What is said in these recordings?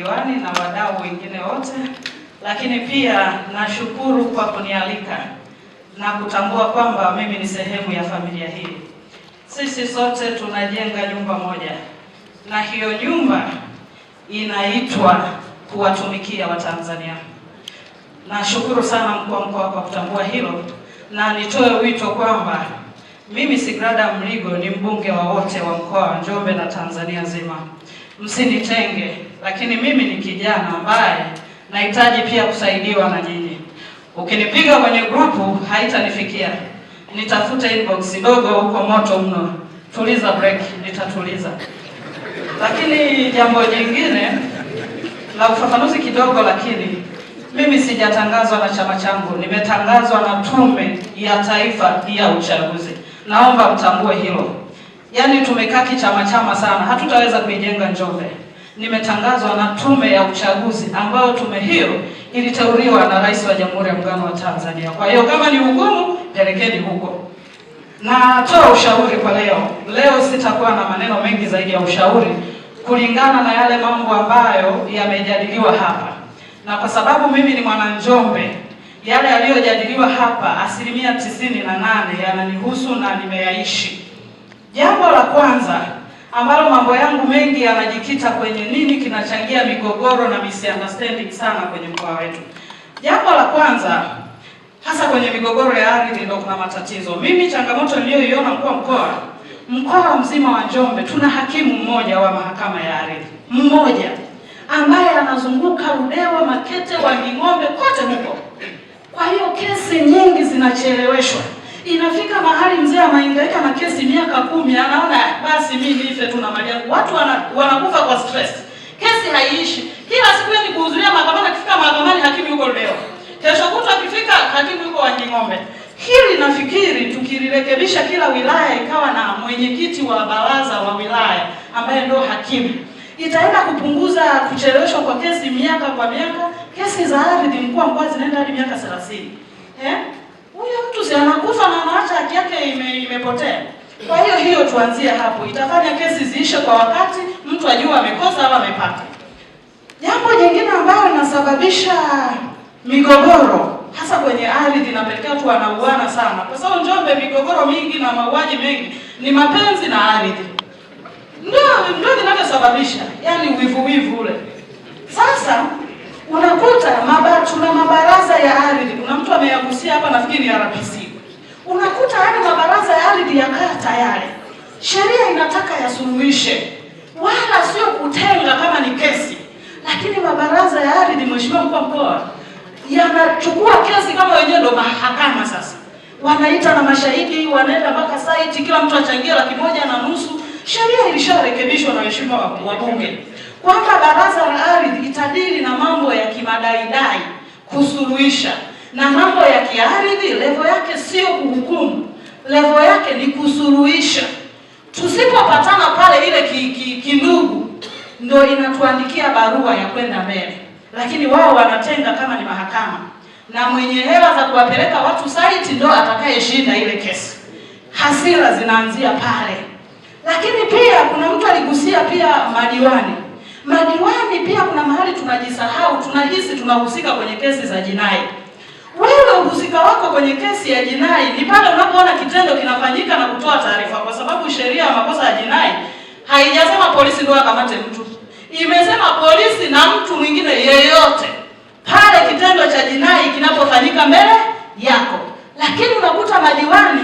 madiwani na wadau wengine wote, lakini pia nashukuru kwa kunialika na kutambua kwamba mimi ni sehemu ya familia hii. Sisi sote tunajenga nyumba moja, na hiyo nyumba inaitwa kuwatumikia Watanzania. Nashukuru sana mkuu wa mkoa kwa kutambua hilo, na nitoe wito kwamba mimi Sigrada Mligo ni mbunge wa wote wa mkoa wa Njombe na Tanzania nzima msinitenge, lakini mimi ni kijana ambaye nahitaji pia kusaidiwa na nyinyi. Ukinipiga kwenye grupu haitanifikia, nitafute inbox dogo huko moto mno. Tuliza break, nitatuliza. Lakini jambo jingine la ufafanuzi kidogo, lakini mimi sijatangazwa na chama changu, nimetangazwa na Tume ya Taifa ya Uchaguzi. Naomba mtambue hilo. Yaani tumekaa kichama chama sana, hatutaweza kuijenga Njombe. Nimetangazwa na tume ya uchaguzi ambayo tume hiyo iliteuliwa na Rais wa Jamhuri ya Muungano wa Tanzania. Kwa hiyo kama ni ugumu, pelekeni huko. Natoa ushauri kwa leo. Leo sitakuwa na maneno mengi zaidi ya ushauri kulingana na yale mambo ambayo yamejadiliwa hapa, na kwa sababu mimi ni mwananjombe, yale yaliyojadiliwa hapa asilimia tisini na nane yananihusu na nimeyaishi Jambo la kwanza ambalo mambo yangu mengi yanajikita kwenye nini kinachangia migogoro na misunderstanding sana kwenye mkoa wetu. Jambo la kwanza hasa kwenye migogoro ya ardhi ndio kuna matatizo. Mimi changamoto niliyoiona mkuu wa mkoa, mkoa mzima wa Njombe tuna hakimu mmoja wa mahakama ya ardhi mmoja ambaye anazunguka Ludewa, Makete, Wanging'ombe kote huko. Kwa hiyo kesi nyingi zinacheleweshwa Inafika mahali mzee amehangaika na kesi miaka kumi, anaona basi mimi nife tu na mali yangu. Watu wanakufa kwa stress, kesi haiishi. Kila siku ni kuhudhuria mahakamani, akifika mahakamani hakimu yuko leo, kesho kutwa akifika hakimu yuko Wanging'ombe. Hili nafikiri tukilirekebisha, kila wilaya ikawa na mwenyekiti wa baraza wa wilaya ambaye ndio hakimu, itaenda kupunguza kucheleweshwa kwa kesi miaka kwa miaka. Kesi za ardhi mkoa mkoa zinaenda hadi miaka 30 eh huyo mtu si anakufa na anaacha haki yake ime, imepotea. Kwa hiyo hiyo tuanzie hapo, itafanya kesi ziishe kwa wakati, mtu ajua amekosa au amepata. Jambo jingine ambalo linasababisha migogoro hasa kwenye ardhi, inapelekea tu wanauana sana, kwa sababu Njombe migogoro mingi na mauaji mengi ni mapenzi na ardhi, ndio ndio vinachosababisha, yaani wivu wivu ule sasa Unakuta maba, tuna mabaraza ya ardhi. Kuna mtu ameyagusia hapa, nafikiri ya RPC. Unakuta hadi mabaraza ya ardhi yakaa tayari, yale sheria inataka yasuluhishe, wala sio kutenga kama ni kesi, lakini mabaraza ya ardhi, mheshimiwa mkuu wa mkoa, yanachukua kesi kama wenyewe ndo mahakama sasa wanaita na mashahidi, wanaenda mpaka saiti, kila mtu achangia laki moja na nusu. Sheria ilisharekebishwa na waheshimiwa wabunge kwamba baraza la ardhi itadili na mambo ya kimadaidai kusuluhisha, na mambo ya kiardhi levo yake sio kuhukumu, levo yake ni kusuluhisha. Tusipopatana pale, ile kindugu ki, ki ndio inatuandikia barua ya kwenda mbele, lakini wao wanatenga kama ni mahakama, na mwenye hela za kuwapeleka watu saiti ndio atakayeshinda ile kesi. Hasira zinaanzia pale, lakini pia kuna mtu aligusia pia madiwani Madiwani pia kuna mahali tunajisahau, tunajisi tunahusika kwenye kesi za jinai. Wewe uhusika wako kwenye kesi ya jinai ni pale unapoona kitendo kinafanyika na kutoa taarifa, kwa sababu sheria ya makosa ya jinai haijasema polisi ndio akamate mtu, imesema polisi na mtu mwingine yeyote pale kitendo cha jinai kinapofanyika mbele yako. Lakini unakuta madiwani,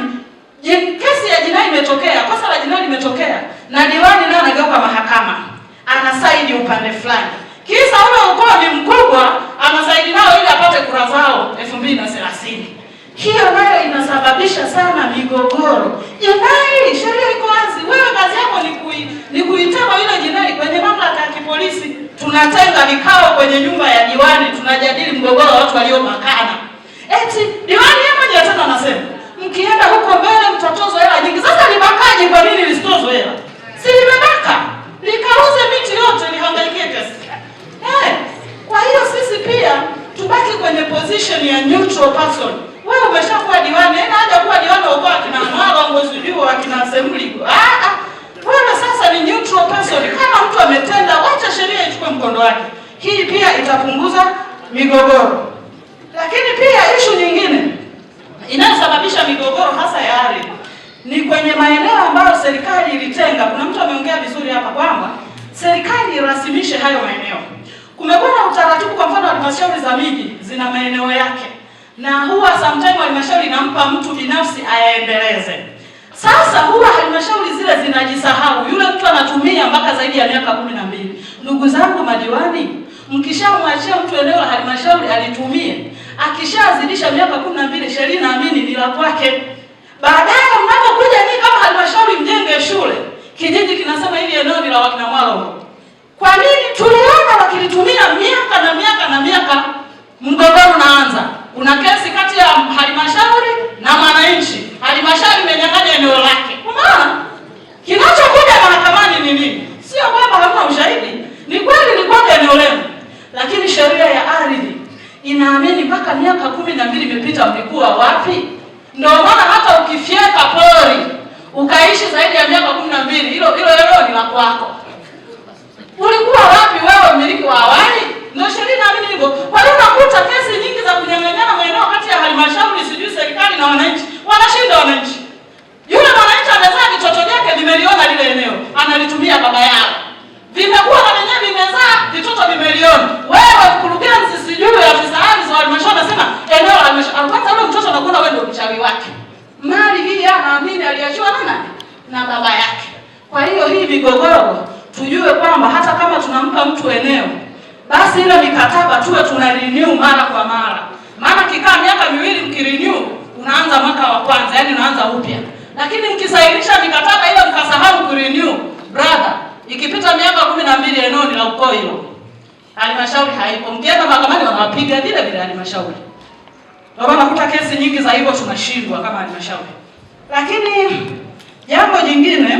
kesi ya jinai imetokea, kosa la jinai limetokea, na diwani nayo anageuka mahakama anasaini upande fulani, kisa ule ukoo ni mkubwa, anasaini nao ili apate kura zao elfu mbili na thelathini. Hiyo nayo inasababisha sana migogoro. Jinai, sheria iko wazi. Wewe kazi yako ni kui, ni kuitema ile jinai kwenye mamlaka ya kipolisi. Tunatenga vikao kwenye nyumba ya diwani, tunajadili mgogoro wa watu waliopakana. Eti diwani yeye mwenyewe tena anasema, mkienda huko mbele mtatozwa hela nyingi. Sasa libakaje? Kwa nini lisitozwe hela? Si libeba yote ni pesa eh. Kwa hiyo sisi pia tubaki kwenye position ya neutral person. Wewe umeshakuwa diwani, ena haja kuwa diwani wako akina Mwala ngozijua akina assembly ah, ah. Wewe sasa ni neutral person. Kama mtu ametenda, wacha sheria ichukue mkondo wake. Hii pia itapunguza migogoro, lakini pia ishu nyingine inayosababisha migogoro hasa ya ardhi ni kwenye maeneo ambayo serikali ilitenga. Kuna mtu ameongea vizuri hapa kwamba serikali irasimishe hayo maeneo. Kumekuwa na utaratibu, kwa mfano halmashauri za miji zina maeneo yake, na huwa sometimes halmashauri inampa mtu binafsi ayaendeleze. Sasa huwa halmashauri zile zinajisahau, yule mtu anatumia mpaka zaidi ya miaka kumi na mbili. Ndugu zangu madiwani, mkishamwachia mtu eneo la halmashauri alitumie, akishazidisha miaka kumi na mbili, sheria naamini ni la kwake. Baadaye mnapokuja ni kama halmashauri mjenge shule kijiji kinasema hili eneo ni la wakina Mwaro. Kwa nini? Tuliona wakilitumia miaka na miaka na miaka, mgogoro unaanza. Kuna kesi kati ya halmashauri na mwananchi, halmashauri imenyang'anya eneo lake. Unaona kinachokuja mahakamani ni nini? Sio kwamba hamna ushahidi, ni kweli ni kwamba eneo lenu, lakini sheria ya ardhi inaamini mpaka miaka kumi na mbili imepita, mlikuwa wapi? Ndio maana hata ukifyeka pori ukaishi zaidi ya miaka mbili, hilo hilo leo ni la kwako. Ulikuwa wapi wewe mmiliki wa awali? Ndio sheria inaamini hivyo. Kwa hiyo unakuta kesi nyingi za kunyang'anyana maeneo kati ya halmashauri, sijui serikali na wananchi, wanashinda wananchi. Yule mwananchi amezaa vitoto vyake vimeliona lile eneo, analitumia baba yao, vimekuwa na wenyewe vimezaa vitoto vimeliona. Wewe mkurugenzi, sijui afisa ardhi wa halmashauri anasema eneo la halmashauri, hata mtoto anakuona wewe ndio mchawi wake. Mali hii anaamini aliachiwa na nani? Na baba yake. Kwa hiyo hii migogoro tujue kwamba hata kama tunampa mtu eneo, basi ile mikataba tuwe tuna renew mara kwa mara, maana kikaa miaka miwili mkirenew, unaanza mwaka wa kwanza, yani unaanza upya. Lakini mkisairisha mikataba ile mkasahau kurenew, brother, ikipita miaka kumi na mbili eneo ni la uko hilo, halmashauri haipo, mkienda mahakamani wanawapiga vile vile halmashauri. Ndio maana nakuta kesi nyingi za hivyo tunashindwa kama halmashauri. Lakini jambo jingine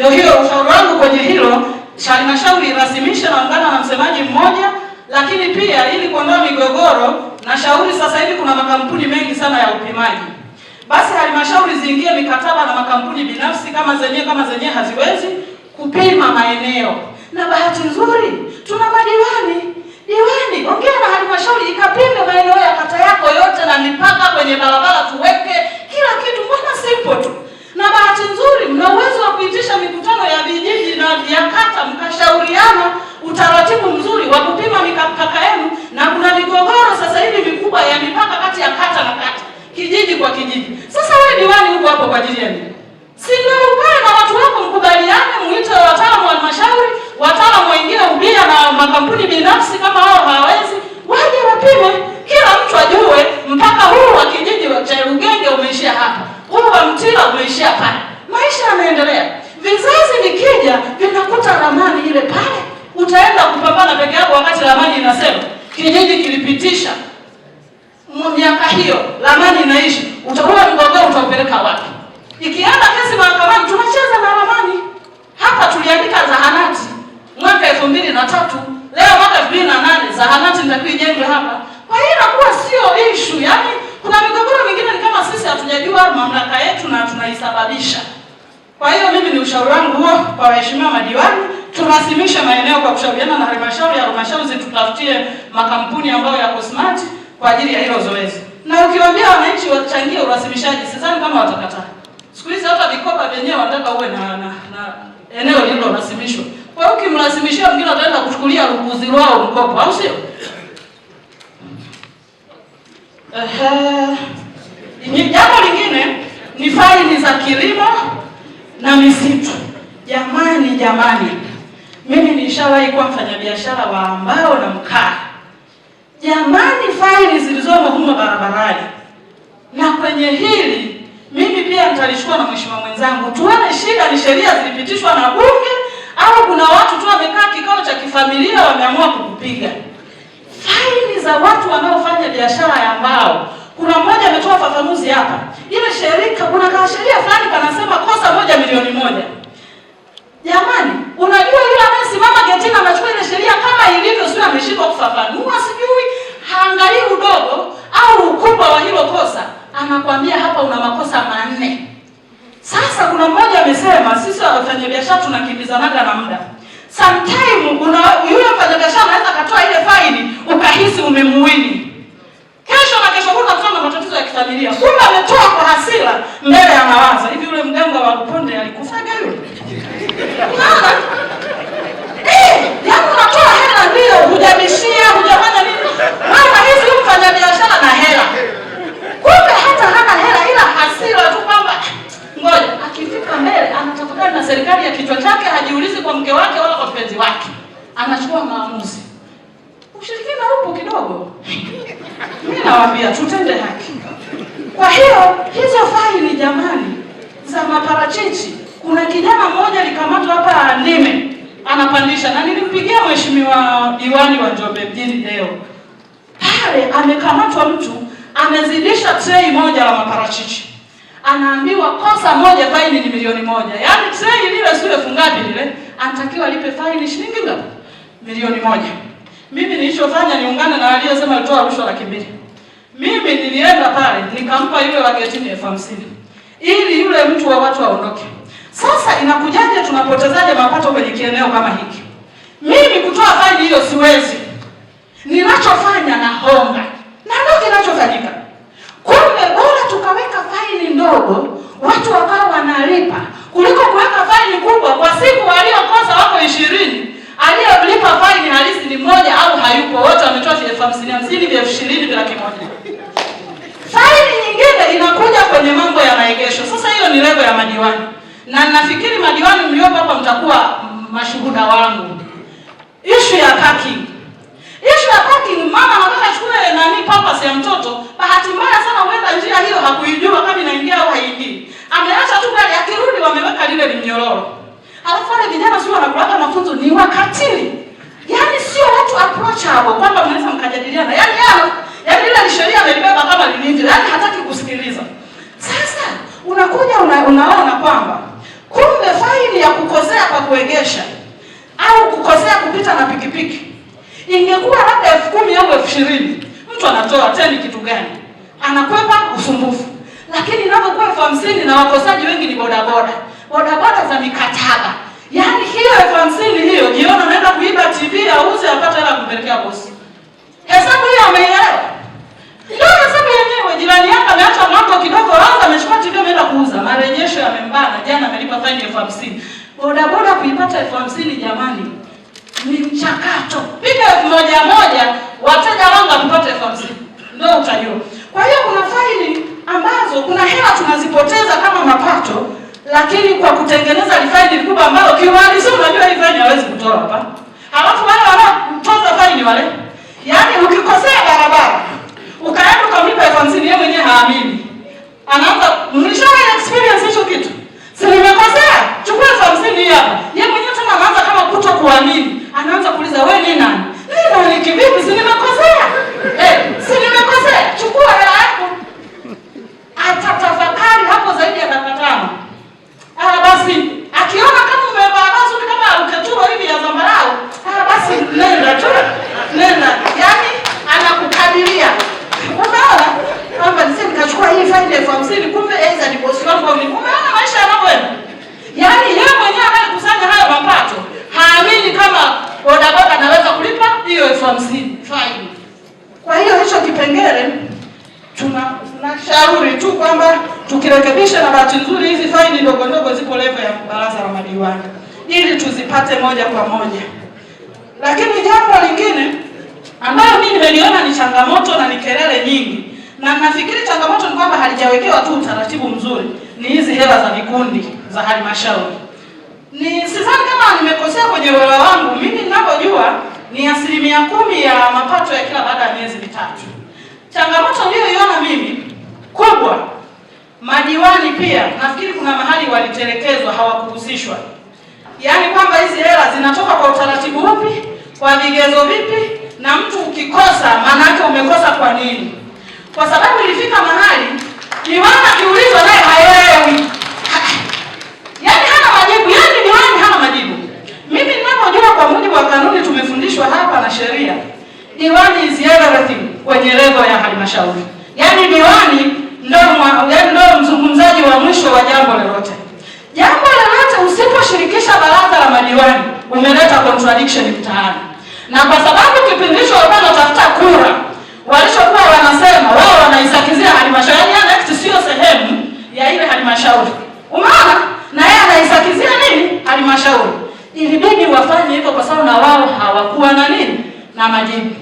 ndio hiyo ushauri wangu kwenye hilo, halmashauri irasimishe na na msemaji mmoja, lakini pia ili kuondoa migogoro na shauri. Sasa hivi kuna makampuni mengi sana ya upimaji, basi halmashauri ziingie mikataba na makampuni binafsi, kama zenyewe kama zenyewe haziwezi kupima maeneo. Na bahati nzuri tuna madiwani Diwani, ongea na halmashauri ikapime maeneo ya kata yako yote na mipaka kwenye barabara, tuweke kila kitu, mbona simple tu na bahati nzuri mna uwezo wa kuitisha mikutano ya vijiji na ya kata, mkashauriana utaratibu mzuri wa kupima mipaka yenu, na kuna migogoro sasa hivi mikubwa ya mipaka kati ya kata na kata, kijiji kwa kijiji. Sasa wewe diwani huko hapo kwa ajili ya nini? Si ndio ukae na watu wako mkubaliane, muite wataalamu wa halmashauri, wataalamu wengine ubia na makampuni binafsi kama hao hawawezi mimi ni ushauri wangu huo kwa waheshimiwa madiwani, turasimishe maeneo kwa kushauriana na halmashauri ya halmashauri zitutafutie makampuni ambayo yako smart kwa ajili ya hilo zoezi, na ukiwaambia wananchi wachangie urasimishaji, sidhani kama watakataa. Siku hizi hata vikopa vyenyewe wanataka uwe na, na, na eneo lililorasimishwa. Kwa hiyo ukimrasimishia mwingine ataenda kuchukulia rukuzi lwao mkopo, au sio? Jambo lingine ni faini za kilimo na misitu. Jamani, jamani, mimi nishawahi kuwa mfanyabiashara wa ambao na mkaa. Jamani, faili zilizomo humo barabarani na kwenye hili mimi pia nitalishukua na mheshimiwa mwenzangu, tuone shida ni sheria zilipitishwa na bunge au kuna watu tu wamekaa kikao cha kifamilia wameamua kukupiga. Faili za watu wanaofanya biashara ya mbao kuna mmoja ametoa fafanuzi hapa, ile shirika, kuna kasheria fulani kanasema kosa moja milioni moja. Jamani, unajua yule anayesimama getini anachukua ile sheria kama ilivyo, sio ameshindwa kufafanua, sijui haangalii udogo au ukubwa wa hilo kosa, anakwambia hapa una makosa manne. Sasa kuna mmoja amesema sisi wafanyabiashara tunakimbizanaga na muda. Sometime una yule mfanyabiashara anaweza akatoa ile faili ukahisi umemuwini Kesho na kesho kuna tuna matatizo ya kifamilia. Kumbe ametoa kwa hasira mbele ya mawazo. Hivi yule mganga wa Luponde alikufaga yule? Unaona? Eh, yaani unatoa hela ndio, hujamishia, hujafanya nini? Mama hizi mfanya biashara na hela. Kumbe hata hana hela ila hasira tu kwamba eh, ngoja akifika mbele anatafakari na serikali ya kichwa chake, hajiulizi kwa mke wake wala kwa mpenzi wake. Anachukua maamuzi. Ushirikina upo kidogo. Ninawaambia tutende haki. Kwa hiyo hizo faili jamani, za maparachichi, kuna kijana mmoja alikamatwa hapa Ndime anapandisha, na nilimpigia mheshimiwa diwani wa Njombe mjini leo pale, amekamatwa mtu amezidisha trei moja la maparachichi anaambiwa kosa moja faini ni milioni moja. Yaani trei lile sio elfu ngapi lile, anatakiwa lipe faini shilingi ngapi? Milioni moja. Mimi nilichofanya niungane na aliyesema alitoa rushwa laki mbili. Mimi nilienda pale nikampa yule wa getini elfu hamsini ili yule mtu wa watu aondoke. Sasa inakujaje, tunapotezaje mapato kwenye kieneo kama hiki? Mimi kutoa faini hiyo siwezi, ninachofanya honga na ndio kinachofanyika. Kumbe bora tukaweka faini ndogo, watu wakawa wanalipa kuliko kuweka faini kubwa. Kwa siku waliokosa wako ishirini, aliyolipa faini halisi ni mmoja au hayupo, wote wametoa elfu hamsini hamsini, elfu ishirini, kimoja. Faili nyingine inakuja kwenye mambo ya maegesho. Sasa hiyo ni level ya madiwani, na nafikiri madiwani mliopo hapa mtakuwa mashuhuda wangu. Ishu ya parking, ishu ya parking, mama anataka achukue nani pampers ya mtoto. Bahati mbaya sana, huenda njia hiyo hakuijua kama inaingia au haingii, ameacha tu gari, akirudi wameweka lile limnyororo. Alafu wale vijana sio wanakulaga mafunzo, ni wakatili, yaani sio watu approachable. unaona kwamba kumbe faini ya kukosea kwa kuegesha au kukosea kupita na pikipiki ingekuwa labda elfu kumi au elfu ishirini mtu anatoa teni kitu gani? Anakwepa usumbufu. Lakini inapokuwa elfu hamsini na wakosaji wengi ni bodaboda, bodaboda za mikataba, yaani hiyo elfu hamsini hiyo jiona unaenda kuiba TV auze apate hela kumpelekea bosi. Hesabu hiyo ameielewa? Ndio hesabu yenyewe. Jirani yako ameacha mwako kidogo amechukua TV ameenda kuuza, marejesho yamembana, jana amelipa faini elfu hamsini. Bodaboda kuipata elfu hamsini jamani, ni mchakato. Piga elfu moja moja, wateja wangu wakipata elfu hamsini ndio utajua. Kwa hiyo kuna faini ambazo kuna hela tunazipoteza kama mapato, lakini kwa kutengeneza faini kubwa ambayo kiuhalisia unajua hii faini hawezi kutoa hapa, halafu wale wanaotoza faini wale, yaani ukikosea barabara ukaenda ukamlipa elfu hamsini yeye mwenyewe haamini anaanza mlishawahi experience hicho kitu, si nimekosea, chukua za msingi hapa. Yeye mwenyewe tena anaanza kama kuto kuamini, anaanza kuuliza wewe ni nani? Ni nani kivipi? Si nimekosea eh, si nimekosea, chukua hela yako. Atatafakari hapo zaidi ya dakika tano. Ah, basi akiona kama umevaa basi ni kama ukaturo hivi ya zambarau, ah, basi nenda tu, nenda. Yaani anakukadiria, unaona kwamba nisi nikachukua hii faida elfu hamsini kumbe ni nibosi wangu au umeona maisha yanavyoenda. Yaani yeye mwenyewe anayekusanya hayo mapato haamini kama bodaboda anaweza kulipa hiyo elfu hamsini faili. Kwa hiyo hicho kipengele tuna tunashauri tu kwamba tukirekebisha, na bahati nzuri hizi faini ndogo ndogo zipo level ya baraza la madiwani ili tuzipate moja kwa moja. Lakini jambo lingine ambayo mimi nimeliona ni changamoto na ni kelele nyingi na nafikiri changamoto ni kwamba halijawekewa tu utaratibu mzuri, ni hizi hela za vikundi za halmashauri. Ni sidhani kama nimekosea kwenye uelewa wangu, mimi ninavyojua ni asilimia kumi ya mapato ya kila baada ya miezi mitatu. Changamoto niliyoiona mimi kubwa, madiwani pia nafikiri kuna mahali walitelekezwa, hawakuhusishwa, yaani kwamba hizi hela zinatoka kwa utaratibu upi, kwa vigezo vipi, na mtu ukikosa maana yake umekosa kwa nini kwa sababu ilifika mahali Miwani akiulizwa naye haelewi, yaani hana majibu, yaani wani hana majibu. Mimi ninavyojua kwa mujibu wa kanuni tumefundishwa hapa na sheria, Diwani is kwenye level ya halmashauri, yaani Diwani ndo yaani mzungumzaji wa mwisho wa jambo lolote. Jambo lolote usiposhirikisha baraza la madiwani umeleta contradiction mtaani, na kwa sababu kipindisho hicho walikuwa kura walishokuwa wanasema wao wanaisakizia halmashauri, yaani ACT sio sehemu ya ile halmashauri, umeona? Na yeye anaisakizia nini halmashauri. Ilibidi wafanye hivyo kwa sababu na wao hawakuwa na nini na majibu,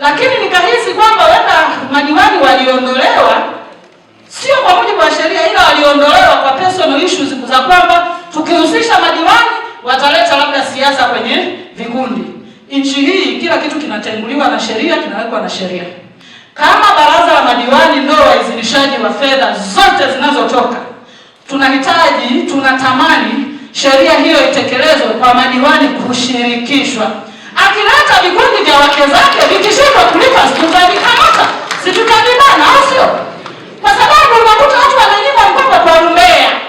lakini nikahisi kwamba wenda madiwani waliondolewa sio kwa mujibu wa sheria, ila waliondolewa kwa personal issues za kwamba tukihusisha madiwani wataleta labda siasa kwenye vikundi Nchi hii kila kitu kinatenguliwa na sheria, kinawekwa na sheria. Kama baraza la madiwani ndio waizinishaji wa fedha zote zinazotoka, tunahitaji tunatamani sheria hiyo itekelezwe kwa madiwani kushirikishwa. Akileta vikundi vya wake zake vikishindwa kulipa, situtavikamata situtavibana, au sio? Kwa sababu unakuta watu wananyima mkopo kwa umbea.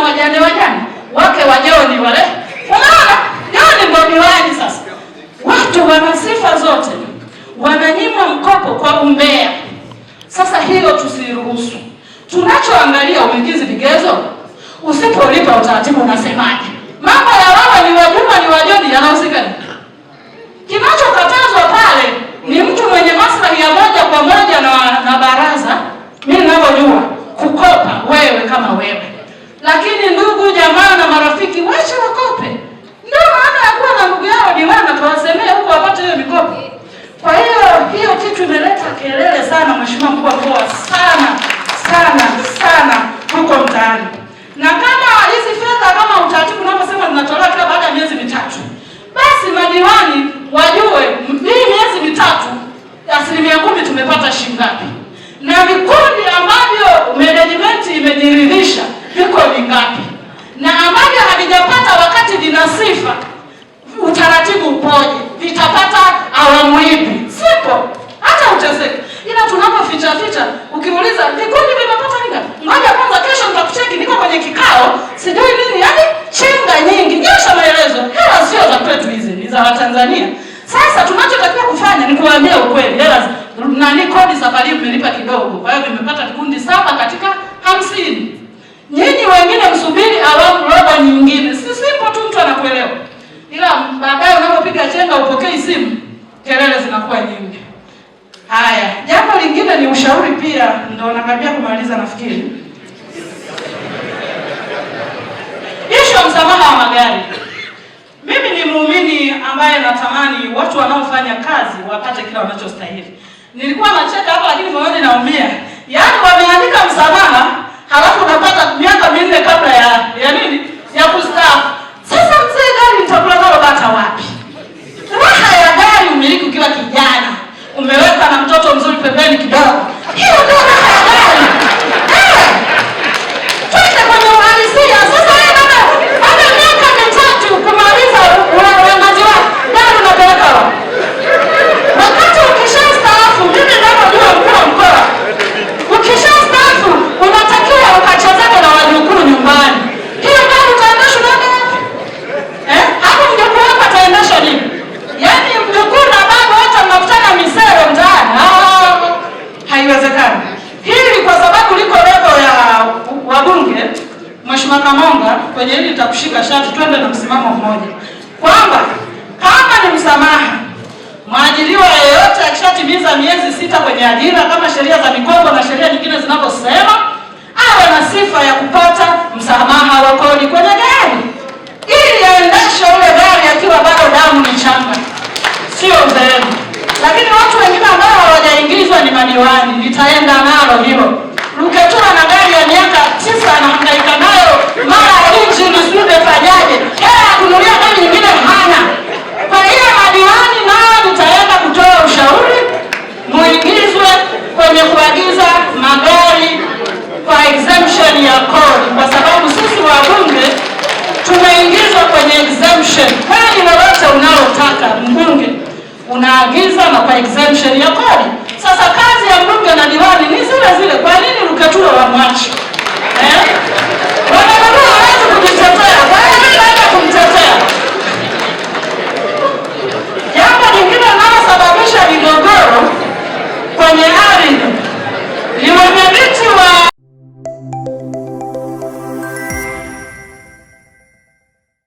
na wajane wajane wake wajoni wale, unaona joni ndo diwani sasa. Watu wana sifa zote, wananyimwa mkopo kwa umbea. Sasa hilo tusiruhusu. Tunachoangalia uingizi vigezo, usipolipa utaratibu unasemaje? Mambo ya wawa ni wajuma ni wajoni yanahusika. Kinachokatazwa pale ni mtu mwenye maslahi ya moja kwa moja na, na baraza, mi ninavyojua kukopa wewe kama wewe kelele sana, mheshimiwa mkuu wa mkoa sana sana sana huko mtaani, na kama hizi fedha kama utaratibu unaposema zinatolewa kila baada ya miezi mitatu, basi madiwani wajue hii miezi mitatu asilimia kumi tumepata shingapi na vikundi ambavyo management imejiridhisha viko vingapi na ambavyo havijapata wakati vina sifa, utaratibu upoje, vitapata awamu ipi? Sipo hata utezeki, ila tunapa ficha ficha. Ukiuliza vikundi vimepata ngapi, ngoja kwanza, kesho nitakucheki, niko kwenye kikao, sijui nini, Yani chenga nyingi, nyosha maelezo. Hela sio za kwetu, hizi ni za Watanzania. Sasa tunachotakiwa kufanya ni kuambia ukweli, hela nani, kodi safari umelipa kidogo, kwa hiyo vimepata vikundi saba katika hamsini. Nyinyi wengine msubiri awamu wanachostahili. Nilikuwa nacheka hapa, lakini moyoni naumia. Yaani wameandika msamaha halafu na tuende twende na msimamo mmoja kwamba kama ni msamaha, mwajiriwa yeyote akishatimiza miezi sita kwenye ajira kama sheria za mikopo na sheria nyingine zinavyosema, awe na sifa ya kupata msamaha wa kodi kwenye gari ili aendeshe ule gari akiwa bado damu ni changa, sio mzeenu. Lakini watu wengine ambao hawajaingizwa ni madiwani, nitaenda nalo hilo mkachora na gari ya miaka tisa na mkaika nayo mara injini, sijui umefanyaje hela ya kununulia